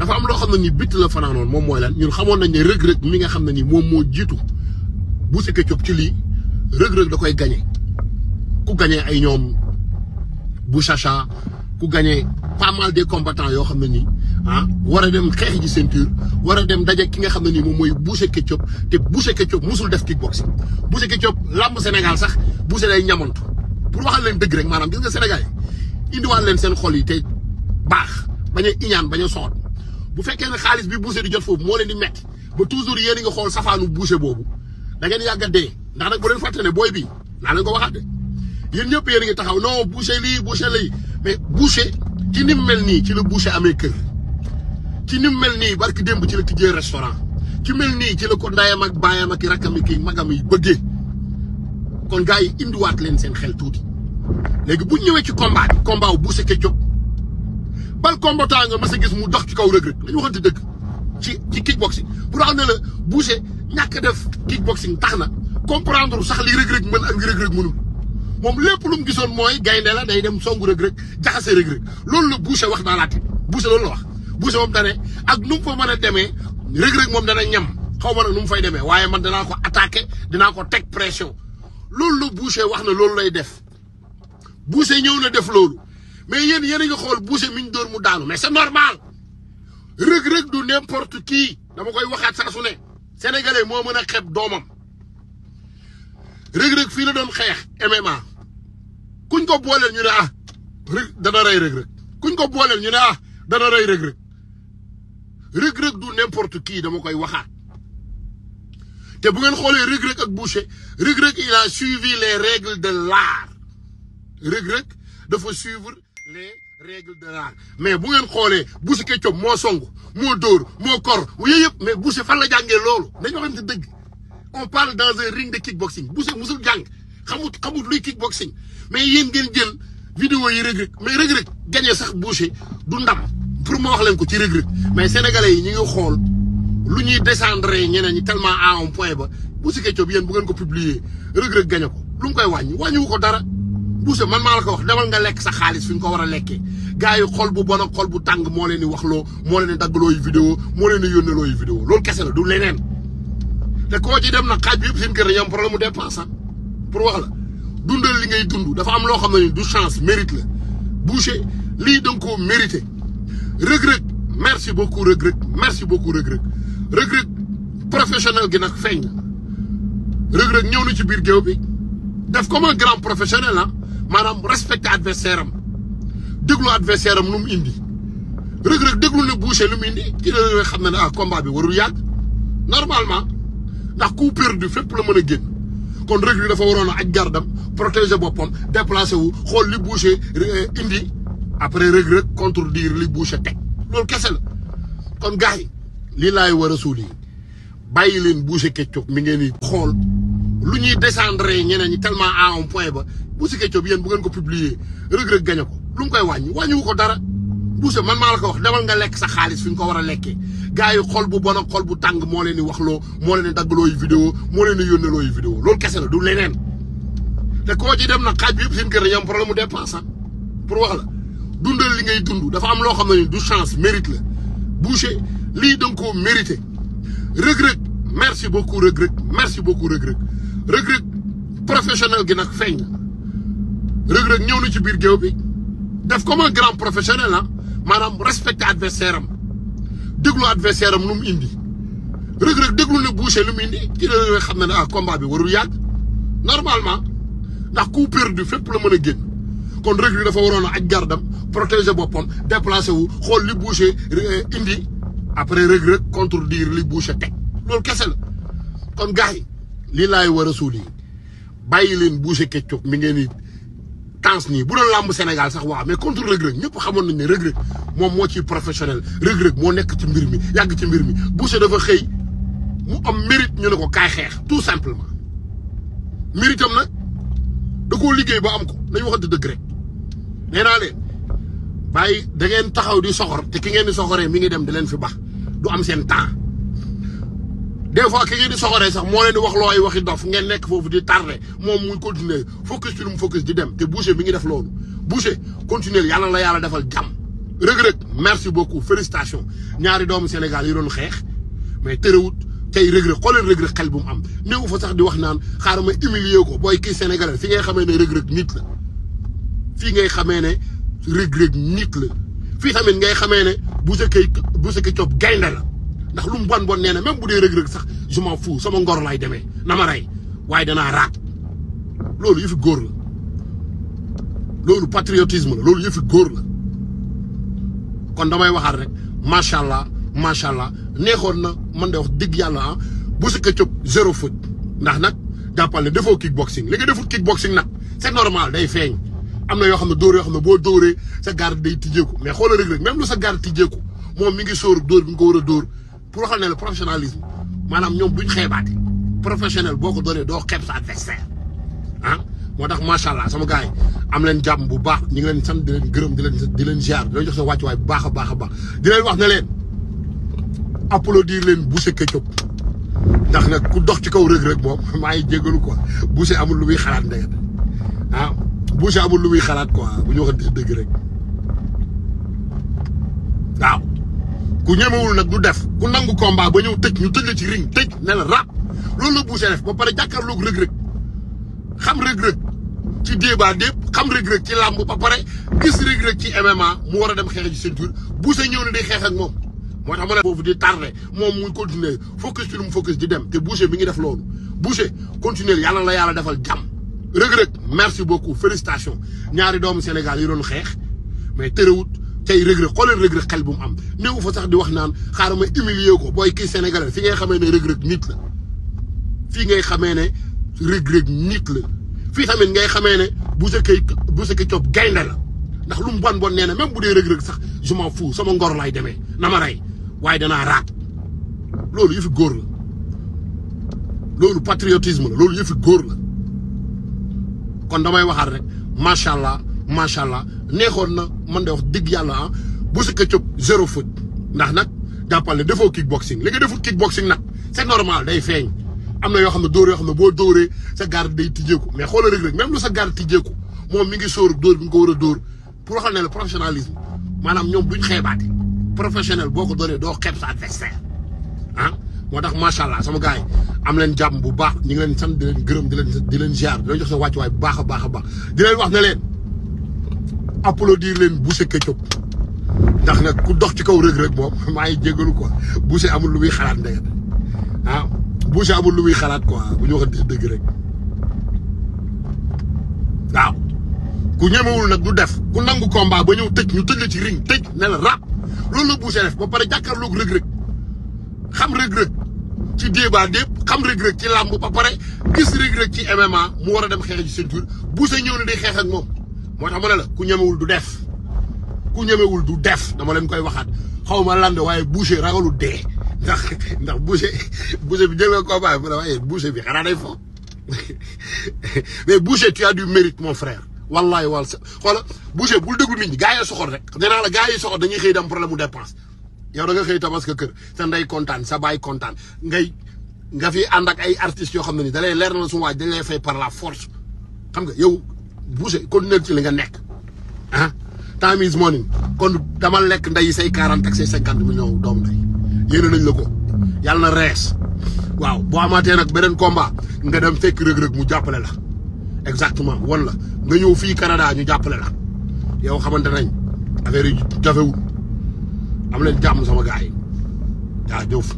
dafa am loo xam ne nii bitt la fanaanoon moom mooy lan ñun xamoon nañ ne rëg-rëg mi nga xam ne ni moom moo jiitu bu sikke cop ci lii rëg-rëg da koy gañe ku gañee ay ñoom bu chacha ku gañee pas mal des combattants yoo xam ne nii ah war a dem xeex ji ceinture war a dem daje ki nga xam ne nii moom mooy Boucher Ketchup te Boucher Ketchup musul def kickboxing Boucher Ketchup làmb Sénégal sax Boucher day ñamantu pour waxal leen dëgg rek maanaam gis nga Sénégal yi indiwaat leen seen xol yi te baax bañ a iñaan bañ a bu fekkee ne xaalis bi boucher di jot foofu moo leen di métti ba toujours yéen a ngi xool safaanu boucher boobu da ngeen yàgg ndax nag bu leen fàtte booy bii naa leen ko waxaat de yéen ñëpp yéen ngi taxaw non boucher lii boucher lii mais boucher ci ni mu mel nii ci la boucher amee kër ci ni mu mel nii barki démb ci la tijjee restaurant ci mel nii ci la ko ndayam ak baayam ak rakkam yi kii magam yi bëggee kon gaa yi indiwaat leen seen xel tuuti léegi bu ñëwee ci combat bi combat wu boucher ban combattant nga mas a gis mu dox ci kaw Reug Reug dañu waxante dëgg ci ci kickboxing pour am ne la Boucher ñàkk a def kickboxing tax na comprendre sax li Reug Reug mën ak li Reug Reug mënul moom lépp lu gisoon mooy gaynde la day dem songu Reug Reug jaxase Reug Reug loolu la Boucher wax naa laati Boucher loolu la wax Boucher moom dane ak nu mu fa mën a demee Reug Reug moom dana ñam xaw ma nag nu mu fay demee waaye man danaa ko attaqué dinaa ko teg pression loolu la Boucher wax na loolu lay def Boucher ñëw na def loolu mais yéen yéen a xool Boucher mi ñu dóor mu daanu mais c'est normal Reug Reug du n'importe kii dama koy waxaat saa su ne sénégalais moo mën a xeeb doomam Reug Reug fii la doon xeex MMA kuñ ko booleel ñu ne ah Reug dana rey Reug Reug kuñ ko booleel ñu ne ah dana rey Reug Reug Reug Reug du dama koy waxaat te bu ngeen xoolee Reug ak Boucher Reug Reug il a suivi les règles de l'art Reug Reug dafa suivre les règles de l'art mais bu ngeen xoolee Boucher Ketchup moo song moo dóor moo kor yooyu yëpp mais Boucher fan la jàngee loolu nañu xam ne dëgg on parle dans un ring de kickboxing Boucher musul jàng xamut xamut luy kickboxing mais yéen ngeen jël vidéo yi Reug Reug mais Reug Reug gagné sax Boucher du ndam pour ma wax leen ko ci Reug Reug mais sénégalais yi ñu ngi xool lu ñuy descendre ñeneen ñi tellement à un point ba Boucher Ketchup yéen bu ngeen ko publier Reug Reug gagné ko lu mu koy wàññi wàññiwu ko dara. Boucher man a la ko wax demal nga lekk sa xaalis fi nga ko war a lekkee gars yi xol bu bon ak xol bu tàng moo leen di waxloo moo leen di daggloo yu vidéo moo leen di yónneloo yu vidéo loolu kese la du leneen te koo ci dem na xaaj bi yëpp seen kër dañuy am problème mu dépense ah. pour wax la dundal li ngay dund dafa am loo xam ne du chance mérite la Boucher lii da nga koo mérité rëg-rëg merci beaucoup rëg merci beaucoup rëg-rëg rëg professionnel gi nag feeñ rëg ñëw na ci biir géew bi def comme un grand professionnel ah maanaam respecté adversaire am déglu adversaire am lu mu indi Reug Reug déglu na Boucher indi ci la xam ne ne ah combat bi warul yàgg normalement ndax coup perdu fépp la mën a génn kon Reug Reug dafa waroon a aj gardam protéger boppam déplacé wu xool li Boucher euh, indi après Reug Reug contredire li Boucher teg loolu kese la kon gars yi lii laay war a suul yi bàyyi leen Boucher Ketchup mi ngeen di xool lu ñuy descendre ñeneen ñi tellement à un point ba Boucher Ketchup yéen bu ngeen ko publier rëg-rëg ko lu mu koy wàññi wàññiwu ko dara Boucher man maa la ko wax demal nga lekk sa xaalis fi ñu ko war a lekkee gars yi xol bu bon ak xol bu tàng moo leen wax waxloo moo leen di daggaloo yu vidéo moo leen di yónneloo yu vidéo loolu kese la du leneen te koo ci dem na xaaj bi yëpp seen kër dañu am problème mu dépense ah pour wax la dundal li ngay dund dafa am loo xam ne du chance mérite la Boucher lii da mérité rëg-rëg beaucoup rëg-rëg beaucoup rëg Reug Reug professionnel gi nag feeñ Reug ñëw na ci biir géew bi def ko ma grand professionnel ah maanaam respecté adversaire am déglu adversaire am lu indi Reug Reug déglu ne Boucher lu indi ci la xam ne ne ah combat bi warul yàgg normalement ndax coup perdu fépp la mën a génn kon Reug Reug dafa waroon a aj gardam protéger boppam déplacé wu xool li Boucher euh, indi après Reug Reug contredire li Boucher teg loolu kese la kon gars lii war a suuli yi bàyyi leen Boucher Ketchup mi ngeen di tans nii bu doon làmb Sénégal sax waa mais contre Reug Reug ñëpp xamoon nañ ne Reug moom moo ciy professionnel Reug moo nekk ci mbir mi yàgg ci mbir mi Boucher dafa xëy mu am mérite ñu ne ko kaay xeex tout simplement mérite am nag da koo liggéey ba am ko nañ waxante dëgg rek nee naa leen bàyyi da ngeen taxaw di soxor te ki ngeen di soxoree mi ngi dem di leen fi bax du am seen temps des fois ki ngeen di soxoree sax moo leen di wax loo ay waxi dof ngeen nekk foofu di tardé moom muy continuer focus ci lu mu focus di dem te Boucher mi ngi def loolu Boucher continuer yàlla la yàlla defal jàmm rëg-rëg merci beaucoup félicitations ñaari doomu Sénégal yi doon xeex mais tere wut te rëg xooleen rëg-rëg xel bu mu am néew fa sax di wax naan xaaral ma humilier ko booy kii sénégalais fi ngay xamee ne rëg-rëg nit la fii ngay xamee ne rëg nit la fii tamit ngay xamee ne Boucher kay Boucher ki cop gaynde la ndax lu mu bon bon nee na même bu dee rëg-rëg sax je m'en sama ngor lay demee na ma rey waaye danaa raat loolu yëfi góor la loolu patriotisme la loolu yëfi góor la kon damay waxaat rek macha allah macha allah neexoon na man de wax dëgg yàlla ah bu si ko cëb zéro foot ndax nag jàppal ne defoo kickboxing li nga deful kickboxing nag c'est normal day feeñ am na yoo xam ne dóor yoo xam ne boo dooree sa gaar day tijjeeku mais xoolal rek rek même lu sa garde tijjeeku moom mi ngi sóor dóor bi ko war a dóor pour waxal ne le professionnalisme maanaam ñoom duñ xeebaate professionnel boo ko doonee doo xeeb sa adversaire ah moo tax macha allah sama gars yi am leen jàmm bu baax ñu ngi leen sant di leen gërëm di leen di leen ziar di leen jox sa wàccuwaay bu baax a baax a baax di leen wax ne leen applaudir leen Boucher Ketchup ndax na ku dox ci kaw Reug Reug moom maa ngi jégalu quoi Boucher lu muy xalaat ndege ah Boucher amul lu muy xalaat quoi bu ñu waxee dëgg rek waaw. ku ñemewul nag du def ku nangu combat ba ñëw tëj ñu tëj la ci ring tëj ne la rap loolu la Boucher def ba pare jàkkaarloog rëg-rëg xam rëg-rëg ci débat dépp xam rëg-rëg ci làmb ba pare gis rëg-rëg ci MMA mu war a dem xeex ci ceinture Boucher ñëw ne day xeex ak moom moo tax ma ne foofu di tardé moom mu continuer focus ci lu mu focus di dem te Boucher mi ngi def lool Boucher continuer yàlla la yàlla defal jàmm rëg-rëg merci beaucoup félicitations ñaari doomu Sénégal yi doon xeex tey Reug Reug xooleen Reug Reug xel bu mu am néew fa sax di wax naan xaar ma humilier ko boo kii sénégalais fi ngay xamee ne Reug Reug nit la fii ngay xamee ne Reug Reug la fii tamit ngay xamee ne bu sa kay bu sa coob gaynde la ndax lu mu bon bon nee na même bu dee Reug sax je m'en fous sama ngor laay demee na ma rey waaye danaa raat loolu yëfi góor la loolu patriotisme la loolu yëfi góor la kon damay waxaat rek macha allah macha allah neexoon na man de wax dëgg yàlla ah bu si ko cëb zéro foot ndax nag jàppale defoo kickboxing li nga defut kickboxing nag c'est normal day feeñ am na yoo xam ne dóor yoo xam ne boo dóoree sa garde day tijjeeku mais xoola rek rek même lu sa garde tijjeeku moom mi ngi sóor dóor bi nga ko war a dóor pour waxal ne la professionnalisme maanaam ñoom duñ xeebaate professionnel boo ko dooree doo xeeb sa adversaire ah moo tax macha allah sama gars yi am leen jàmm bu baax ñu ngi leen sant di di leen di leen ziar di leen jox sa wàccuwaay bu a baax a baax di wax ne leen. applaudir leen Boucher Ketchup ndax na ku dox ci kaw Reug Reug moom maa ngi ko quoi Boucher amul lu muy xalaat ndeket ah Boucher amul lu muy xalaat quoi bu ñu waxante dëgg rek waaw ku ñemewul nag du def ku nangu combat ba ñëw tëj ñu tëj la ci ring tëj ne la rap loolu la Boucher def ba pare jàkkaarloog Reug xam Reug Reug ci débat dépp xam Reug Reug ci làmb ba pare gis Reug Reug ci MMA mu war a dem xeex ci ceinture Boucher ñëw ne day xeex ak moom. moo tax ma ne la ku ñemewul du def ku ñemewul du def dama leen koy waxaat xaw ma lan waaye boucher ragalu dee ndax ndax boucher boucher bi jël nga combat bi waaye boucher bi xanaa day fo mais boucher tu as du mérite mon frère wallahi wal sa xoola boucher bul déglu nit ñi gars yi soxor rek nee naa la gars yi soxor dañuy xëy dem problème mu dépense yow da nga xëy tabaska kër sa nday kontaan sa baay kontaan ngay nga fi ànd ak ay artistes yoo xam ne ni da leer na la su waaj dañ lay fay la force xam nga yow kon continuer ci li nga nekk ah time is kon dama lekk nday say quarante ak say cinquante millions doom nday yéene nañ la ko yàlla na rees waaw boo amaatee nag beneen combat nga dem fekk rëg-rëg mu jàppale la exactement won nga ñëw fii Canada ñu jàppale la yow xamante nañ affaire yi jafewul am leen jàmm sama gars yaa jëf